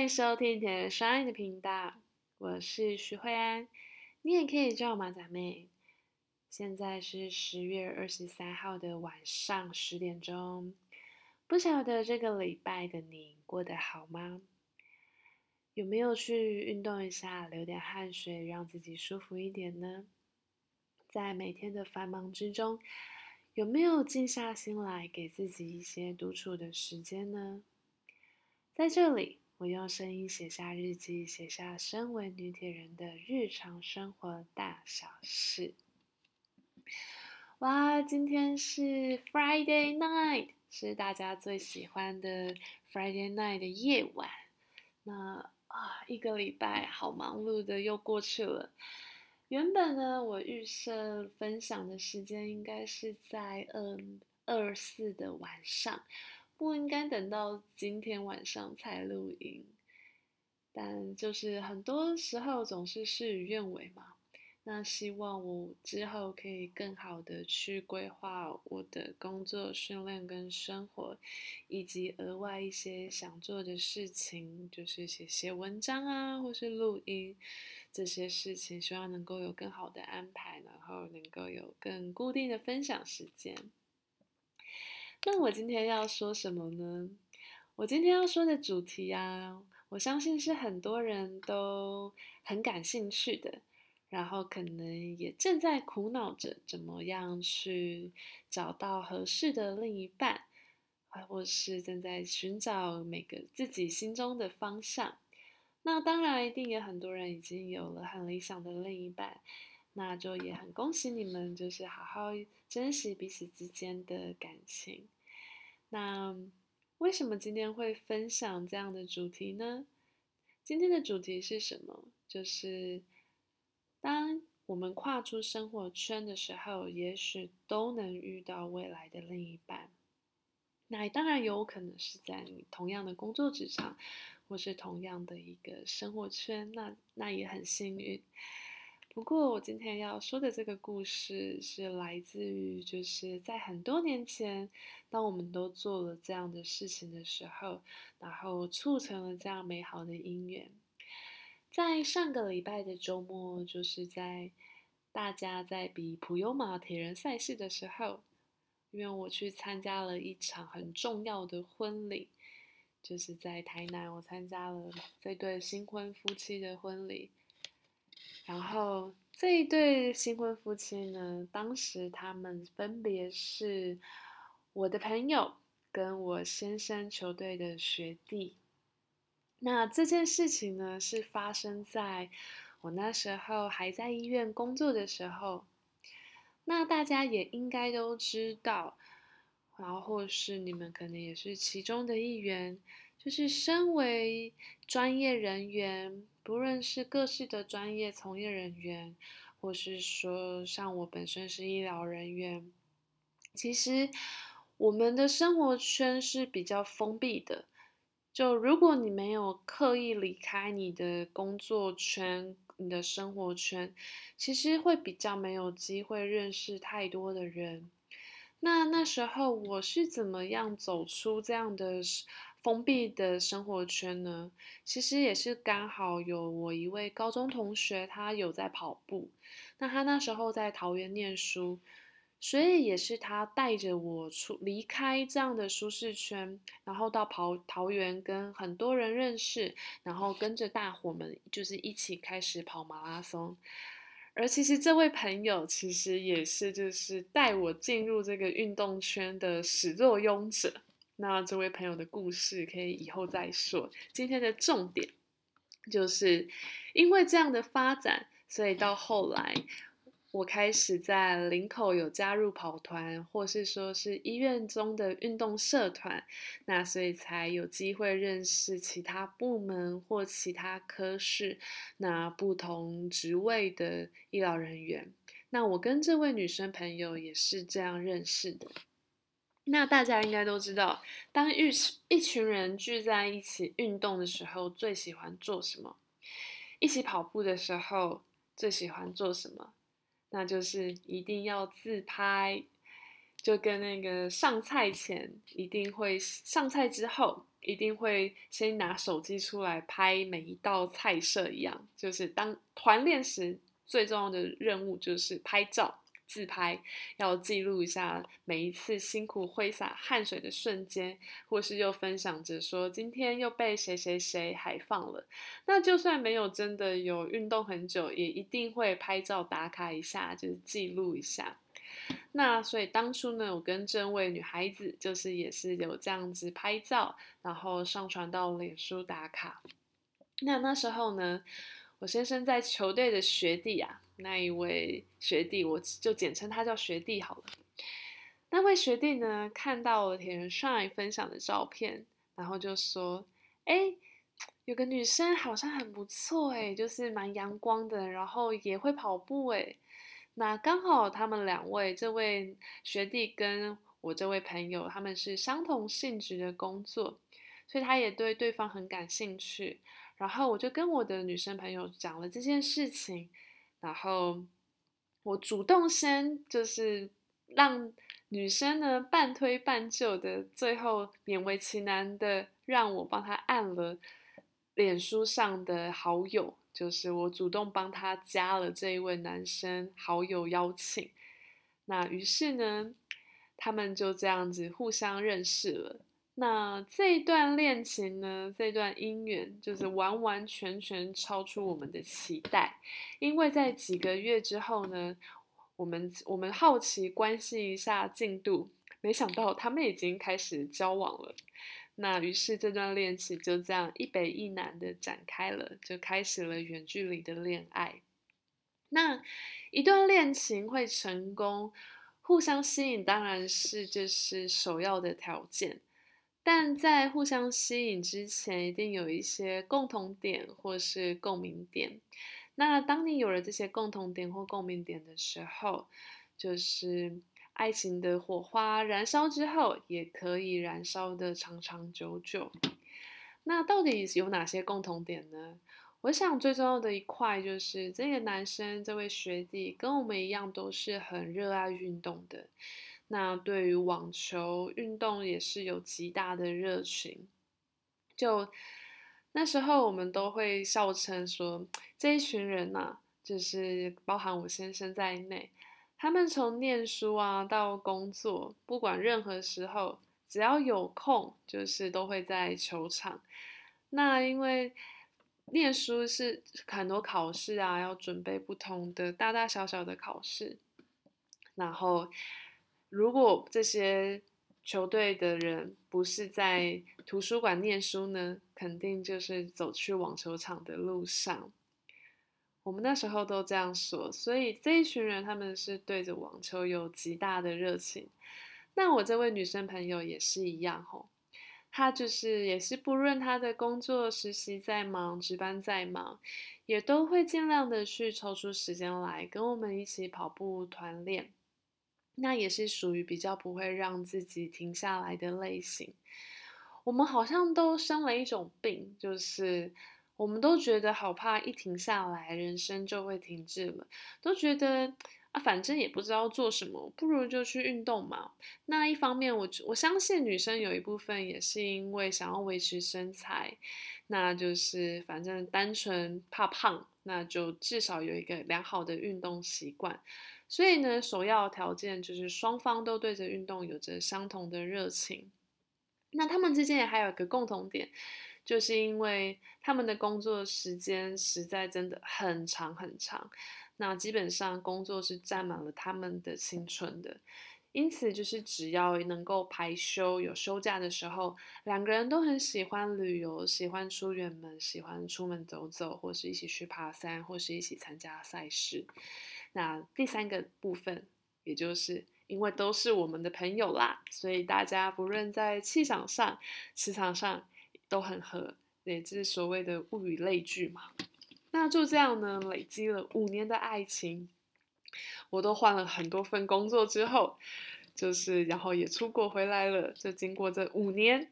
歡迎收聽鐵人 Shine 的頻道，我是徐慧安，你也可以叫我馬甲妹。現在是十月二十三號的晚上十點鐘。不曉得這個禮拜的你過得好嗎？有沒有去運動一下，流點汗水，讓自己舒服一點呢？在每天的繁忙之中，有沒有靜下心來，給自己一些獨處的時間呢？在這裡。我用聲音寫下日記，寫下身為女鐵人的日常生活大小事。哇，今天是 Friday night，是大家最喜歡的 Friday night 的夜晚。那啊，一個禮拜好忙碌的又過去了。原本呢，我預設分享的時間應該是在二二四的晚上。不應該等到今天晚上才錄音，但就是很多時候總是事與願違嘛。那希望我之後可以更好的去規劃我的工作、訓練跟生活，以及額外一些想做的事情，就是寫寫文章啊，或是錄音這些事情，希望能夠有更好的安排，然後能夠有更固定的分享時間。那我今天要說什麼呢？我今天要說的主題啊，我相信是很多人都很感興趣的，然後可能也正在苦惱着怎麼樣去找到合適的另一半，或者是正在尋找每個自己心中的方向。那當然，一定有很多人已經有了很理想的另一半。那就也很恭喜你們，就是好好珍惜彼此之間的感情。那為什麼今天會分享這樣的主題呢？今天的主題是什麼？就是當我們跨出生活圈的時候，也許都能遇到未來的另一半。那當然有可能是在你同樣的工作職場，或是同樣的一個生活圈，那那也很幸運。不過，我今天要說的這個故事是來自於，就是在很多年前，當我們都做了這樣的事情的時候，然後促成了這樣美好的姻緣。在上個禮拜的週末，就是在大家在比普悠瑪鐵人賽事的時候，因為我去參加了一場很重要的婚禮，就是在台南，我參加了這對新婚夫妻的婚禮。然後這一對新婚夫妻呢，當時他們分別是我的朋友跟我先生球隊的學弟。那這件事情呢，是發生在我那時候還在醫院工作的時候。那大家也應該都知道，然後或是你們可能也是其中的一員，就是身為專業人員。無論是各式的專業從業人員，或是說像我本身是醫療人員，其實我們的生活圈是比較封閉的。就如果你沒有刻意離開你的工作圈，你的生活圈，其實會比較沒有機會認識太多的人。那那時候我是怎麼樣走出這樣的封閉的生活圈呢，其實也是剛好有我一位高中同學，他有在跑步。那他那時候在桃園念書，所以也是他帶着我出離開這樣的舒適圈，然後到跑桃園跟很多人認識，然後跟着大夥們就是一起開始跑馬拉松。而其實這位朋友其實也是就是帶我進入這個運動圈的始作俑者。那這位朋友的故事可以以後再說。今天的重點就是因為這樣的發展，所以到後來我開始在林口有加入跑團，或是說是醫院中的運動社團，那所以才有機會認識其他部門或其他科室，那不同職位的醫療人員。那我跟這位女生朋友也是這樣認識的。那大家應該都知道，當一群一群人聚在一起運動的時候，最喜歡做什麼？一起跑步的時候，最喜歡做什麼？那就是一定要自拍，就跟那個上菜前一定會上菜之後，一定會先拿手機出來拍每一道菜色一樣。就是當團練時，最重要的任務就是拍照。自拍，要記錄一下每一次辛苦揮灑汗水的瞬間，或是又分享着說今天又被誰誰誰海放了。那就算沒有真的有運動很久，也一定會拍照打卡一下，就是記錄一下。那所以當初呢，我跟這位女孩子就是也是有這樣子拍照，然後上傳到臉書打卡。那那時候呢？我先生在球隊的學弟啊，那一位學弟，我就簡稱他叫學弟好了。那位學弟呢，看到鐵人 Shine 分享的照片，然後就說：“哎，有個女生好像很不錯哎，就是蠻陽光的，然後也會跑步哎。”那剛好他們兩位，這位學弟跟我這位朋友，他們是相同性質的工作，所以他也對對方很感興趣。然後我就跟我的女生朋友講了這件事情，然後我主動先就是讓女生呢半推半就的，最後勉為其難的讓我幫她按了臉書上的好友，就是我主動幫她加了這一位男生好友邀請。那於是呢，他們就這樣子互相認識了。那這段戀情呢，這段姻緣就是完完全全超出我們的期待，因為在幾個月之後呢，我們我們好奇關心一下進度，沒想到他們已經開始交往了。那於是這段戀情就這樣一北一南的展開了，就開始了遠距離的戀愛。那一段戀情會成功，互相吸引當然是就是首要的條件。但在互相吸引之前，一定有一些共同點或是共鳴點。那當你有了這些共同點或共鳴點的時候，就是愛情的火花燃燒之後，也可以燃燒得長長久久。那到底有哪些共同點呢？我想最重要的一塊就是這個男生這位學弟跟我們一樣都是很熱愛運動的。那對於網球運動也是有極大的熱情。就那時候，我們都會笑稱說，這一群人呢、啊，就是包含我先生在內，他們從念書啊到工作，不管任何時候，只要有空，就是都會在球場。那因為念書是很多考試啊，要準備不同的大大小小的考試，然後。如果這些球隊的人不是在圖書館念書呢，肯定就是走去網球場的路上。我們那時候都這樣說，所以這一群人，他們是對着網球有極大的熱情。那我這位女生朋友也是一樣，吼，她就是也是不論她的工作實習再忙，值班再忙，也都會盡量的去抽出時間來跟我們一起跑步團練。那也是屬於比較不會讓自己停下來的類型。我們好像都生了一種病，就是我們都覺得好怕一停下來，人生就會停滯了。都覺得啊，反正也不知道做什麼，不如就去運動嘛。那一方面我，我我相信女生有一部分也是因為想要維持身材，那就是反正單純怕胖。那就至少有一個良好的運動習慣，所以呢，首要條件就是雙方都對着運動有着相同的熱情。那他們之間也還有一個共同點，就是因為他們的工作時間實在真的很長很長，那基本上工作是占滿了他們的青春的。因此，就是只要能夠排休有休假的時候，兩個人都很喜歡旅遊，喜歡出遠門，喜歡出門走走，或是一起去爬山，或是一起參加賽事。那第三個部分，也就是因為都是我們的朋友啦，所以大家不論在氣場上、磁場上都很合，也就是所謂的物以類聚嘛。那就這樣呢，累積了五年的愛情。我都換了很多份工作之後，就是然後也出國回來了。就經過這五年，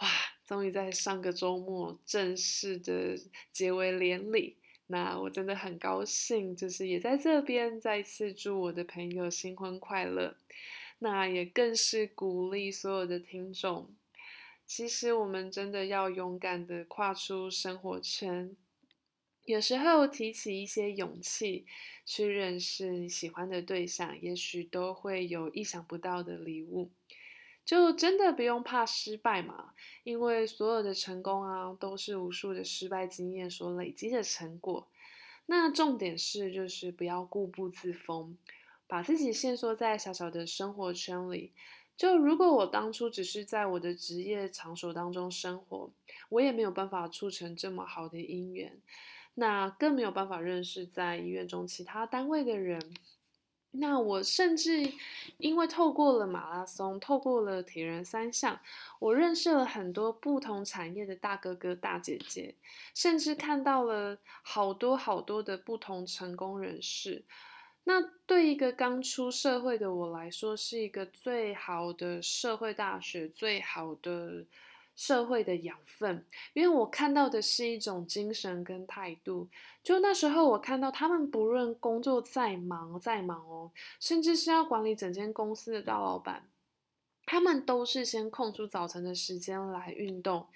哇，終於在上個周末正式的結為連理。那我真的很高興，就是也在這邊再次祝我的朋友新婚快樂。那也更是鼓勵所有的聽眾，其實我們真的要勇敢的跨出生活圈。有時候提起一些勇氣去認識你喜歡的對象，也許都會有意想不到的禮物。就真的不用怕失敗嘛。因為所有的成功啊，都是無數的失敗經驗所累積的成果。那重點是，就是不要固步自封，把自己限縮在小小的生活圈裡。就如果我當初只是在我的職業場所當中生活，我也沒有辦法促成這麼好的姻緣。那更沒有辦法認識在醫院中其他單位的人。那我甚至因為透過了馬拉松，透過了鐵人三項，我認識了很多不同產業的大哥哥、大姐姐，甚至看到了好多好多的不同成功人士。那對一個剛出社會的我來說，是一個最好的社會大學，最好的。社會的養分，因為我看到的是一種精神跟態度。就那時候，我看到他們不論工作再忙再忙哦，甚至是要管理整間公司的大老闆，他們都是先空出早晨的時間來運動，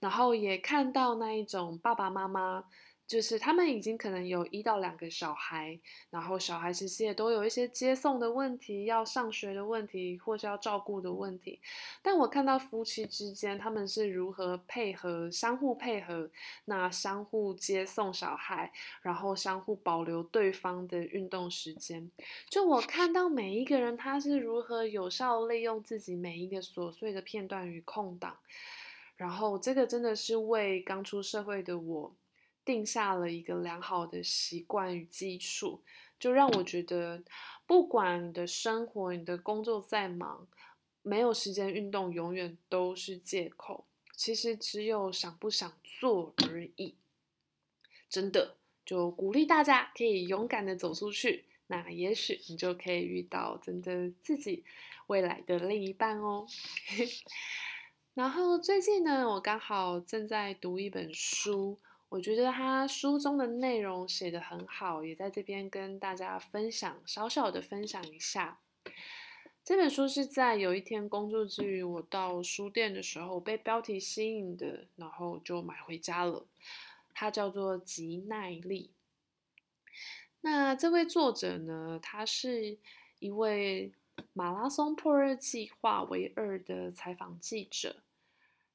然後也看到那一種爸爸媽媽。就是他們已經可能有一到兩個小孩，然後小孩其實也都有一些接送的問題、要上學的問題，或是要照顧的問題。但我看到夫妻之間他們是如何配合、相互配合，那相互接送小孩，然後相互保留對方的運動時間。就我看到每一個人他是如何有效利用自己每一個瑣碎的片段與空檔。然後這個真的是為剛出社會的我。定下了一個良好的習慣與基礎，就讓我覺得，不管你的生活、你的工作再忙，沒有時間運動永遠都是借口。其實只有想不想做而已。真的，就鼓勵大家可以勇敢的走出去，那也許你就可以遇到真的自己未來的另一半哦。 然後最近呢，我剛好正在讀一本書。我覺得他書中的內容寫得很好，也在這邊跟大家分享，小小的分享一下。這本書是在有一天工作之餘，我到書店的時候被標題吸引的，然後就買回家了。它叫做《極耐力》。那這位作者呢，他是一位馬拉松破日計劃為二的採訪記者。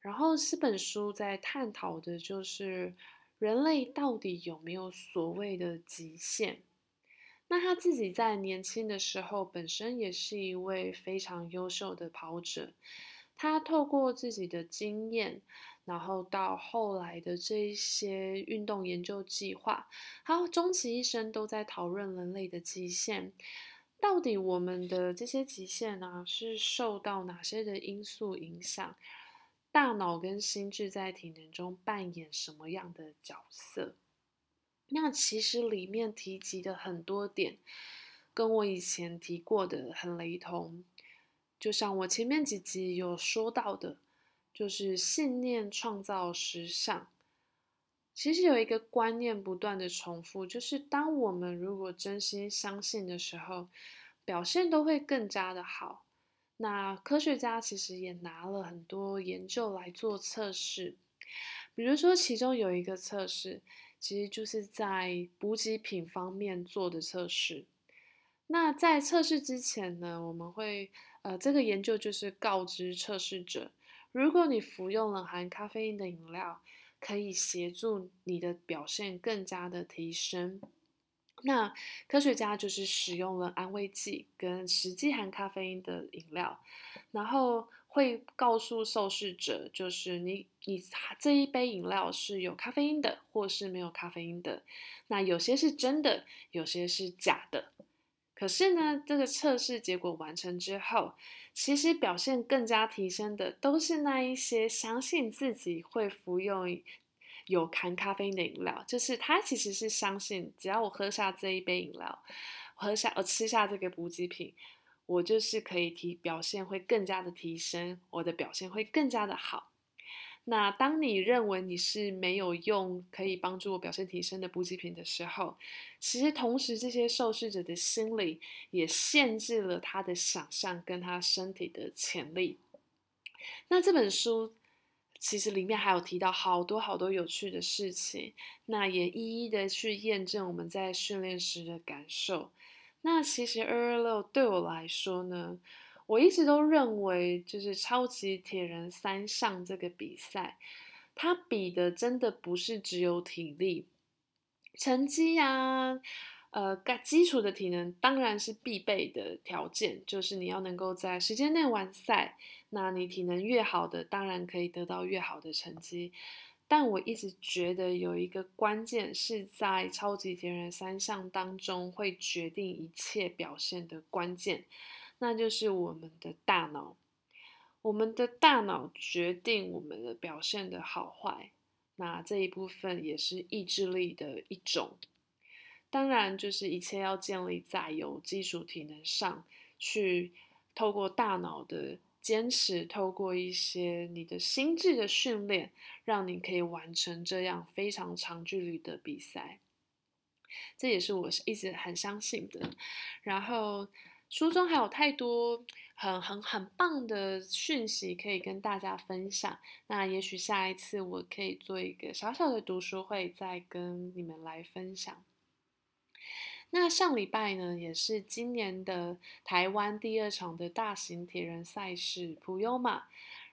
然後，這本書在探討的就是。人類到底有沒有所謂的極限？那他自己在年輕的時候，本身也是一位非常優秀的跑者。他透過自己的經驗，然後到後來的這一些運動研究計劃，他終其一生都在討論人類的極限。到底我們的這些極限啊，是受到哪些的因素影響？大腦跟心智在體能中扮演什麼樣的角色？那其實裡面提及的很多點，跟我以前提過的很雷同。就像我前面幾集有說到的，就是信念創造實相。其實有一個觀念不斷的重復，就是當我們如果真心相信的時候，表現都會更加的好。那科學家其實也拿了很多研究來做測試，比如說其中有一個測試，其實就是在補給品方面做的測試。那在測試之前呢，我們會，呃，這個研究就是告知測試者，如果你服用了含咖啡因的飲料，可以協助你的表現更加的提升。那科學家就是使用了安慰劑跟實際含咖啡因的飲料，然後會告訴受試者，就是你你這一杯飲料是有咖啡因的，或是沒有咖啡因的。那有些是真的，有些是假的。可是呢，這個測試結果完成之後，其實表現更加提升的都是那一些相信自己會服用。有含咖啡因的飲料，就是他其實是相信，只要我喝下這一杯飲料，喝下我吃下這個補給品，我就是可以提表現會更加的提升，我的表現會更加的好。那當你認為你是沒有用可以幫助我表現提升的補給品的時候，其實同時這些受試者的心理也限制了他的想象跟他身體的潛力。那這本書。其實裡面還有提到好多好多有趣的事情，那也一一的去驗證我們在訓練時的感受。那其實二二六對我來說呢，我一直都認為就是超級鐵人三項這個比賽，它比的真的不是只有體力、成績呀、啊。呃，基礎的體能當然是必備的條件，就是你要能夠在時間內完賽。那你體能越好的，當然可以得到越好的成績。但我一直覺得有一個關鍵是在超級鐵人三項當中會決定一切表現的關鍵，那就是我們的大腦。我們的大腦決定我們的表現的好壞。那這一部分也是意志力的一種。當然，就是一切要建立在有基礎體能上，去透過大腦的堅持，透過一些你的心智的訓練，讓你可以完成這樣非常長距離的比賽。這也是我是一直很相信的。然後書中還有太多很很很棒的訊息可以跟大家分享。那也許下一次我可以做一個小小的讀書會，再跟你們來分享。那上禮拜呢，也是今年的台灣第二場的大型鐵人賽事普悠瑪，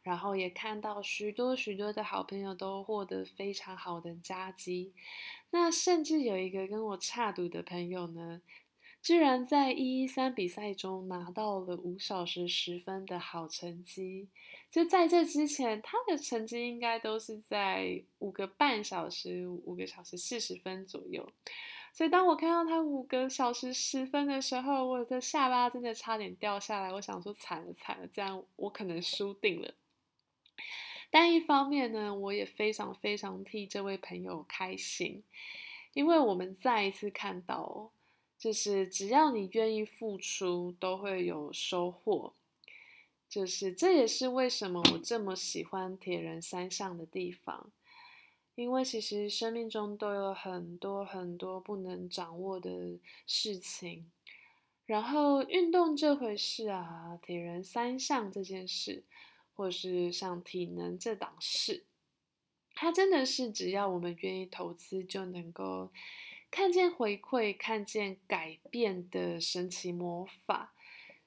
然後也看到許多許多的好朋友都獲得非常好的佳績。那甚至有一個跟我差不多的朋友呢，居然在一一三比賽中拿到了五小時十分的好成績。就在這之前，他的成績應該都是在五個半小時、五個小時四十分左右。所以當我看到他五個小時十分的時候，我的下巴真的差點掉下來。我想說慘了慘了，這樣我可能輸定了。但一方面呢，我也非常非常替這位朋友開心，因為我們再一次看到，就是只要你願意付出，都會有收穫。就是這也是為什麼我這麼喜歡鐵人三項的地方。因為其實生命中都有很多很多不能掌握的事情，然後運動這回事啊，鐵人三項這件事，或是像體能這檔事，它真的是只要我們願意投資，就能夠看見回饋、看見改變的神奇魔法。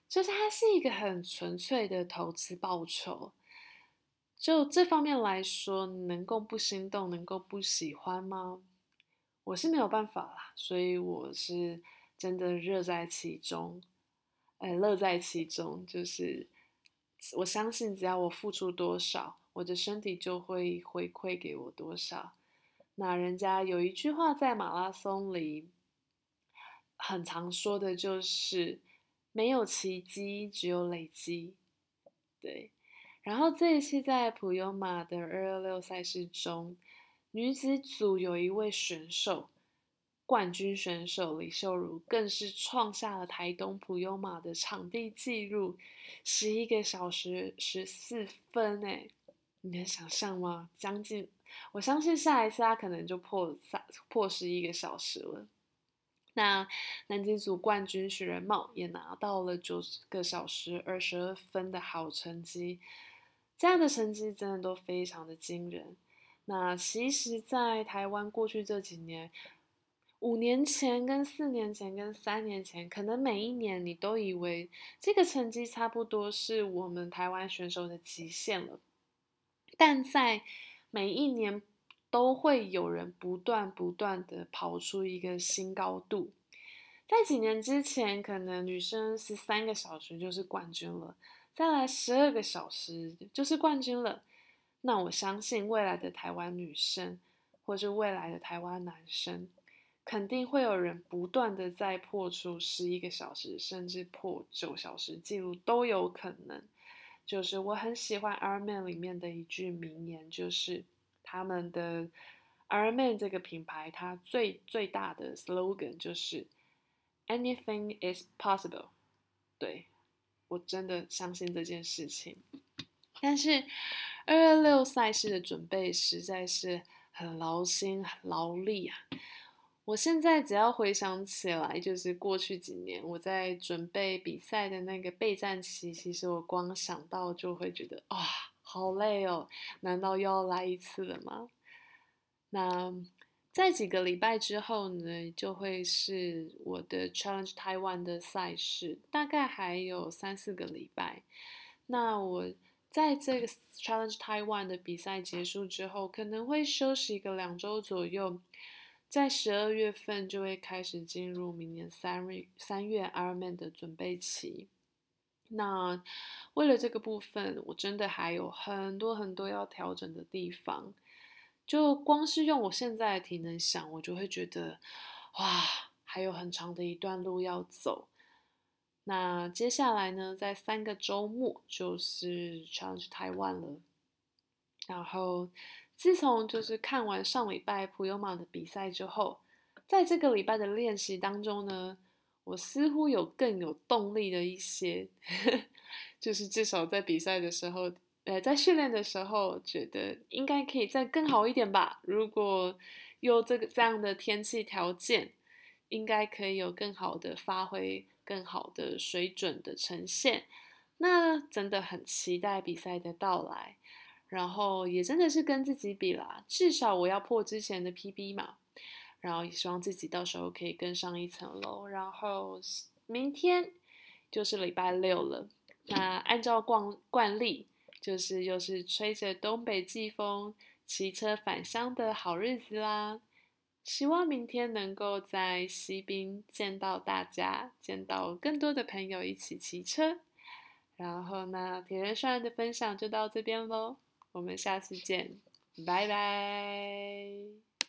就是它是一個很純粹的投資報酬。就這方面來說，能夠不心動，能夠不喜歡嗎？我是沒有辦法啦，所以我是真的熱在其中，呃，樂在其中。就是我相信，只要我付出多少，我的身體就會回饋給我多少。那人家有一句話在馬拉松裡很常說的，就是沒有奇蹟，只有累積。對。然後這一期在普悠瑪的二二六賽事中，女子組有一位選手，冠軍選手李秀茹更是創下了台東普悠瑪的場地紀錄，十一個小時十四分。哎，你能想象嗎？將近，我相信下一次她可能就破三破十一個小時了。那男子組冠軍許仁茂也拿到了九個小時二十二分的好成績。這樣的成績真的都非常的驚人。那其實，在台灣過去這幾年，五年前，跟四年前，跟三年前，可能每一年你都以為這個成績差不多是我們台灣選手的極限了。但在每一年都會有人不斷不斷的跑出一個新高度。在幾年之前，可能女生是三個小時就是冠軍了。再來十二個小時就是冠軍了。那我相信未來的台灣女生，或是未來的台灣男生，肯定會有人不斷的在破出十一個小時，甚至破九小時記錄都有可能。就是我很喜歡 Ironman 裡面的一句名言，就是他們的 Ironman 這個品牌，它最最大的 slogan 就是 Anything is possible。對。我真的相信這件事情，但是226賽事的準備實在是很勞心很勞力啊！我現在只要回想起來，就是過去幾年我在準備比賽的那個備戰期，其實我光想到就會覺得啊，好累哦！難道又要來一次了嗎？那。在幾個禮拜之後呢，就會是我的 Challenge Taiwan 的賽事，大概還有三四個禮拜。那我在這個 Challenge Taiwan 的比賽結束之後，可能會休息一個兩周左右，在十二月份就會開始進入明年三月三月 Ironman 的準備期。那為了這個部分，我真的還有很多很多要調整的地方。就光是用我現在的體能想，我就會覺得，哇，還有很長的一段路要走。那接下來呢，在三個周末就是 Challenge Taiwan 了。然後，自從就是看完上禮拜普悠瑪的比賽之後，在這個禮拜的練習當中呢，我似乎有更有動力的一些，呵呵，就是至少在比賽的時候。呃，在訓練的時候，覺得應該可以再更好一點吧。如果有這個這樣的天氣條件，應該可以有更好的發揮，更好的水準的呈現。那真的很期待比賽的到來。然後也真的是跟自己比啦，至少我要破之前的 PB 嘛。然後也希望自己到時候可以更上一層樓。然後明天就是禮拜六了，那按照慣慣例。就是又是吹着東北季風騎車返鄉的好日子啦！希望明天能夠在西濱見到大家，見到更多的朋友一起騎車。然後呢，鐵人 Shine 的分享就到這邊嘍，我們下次見，拜拜。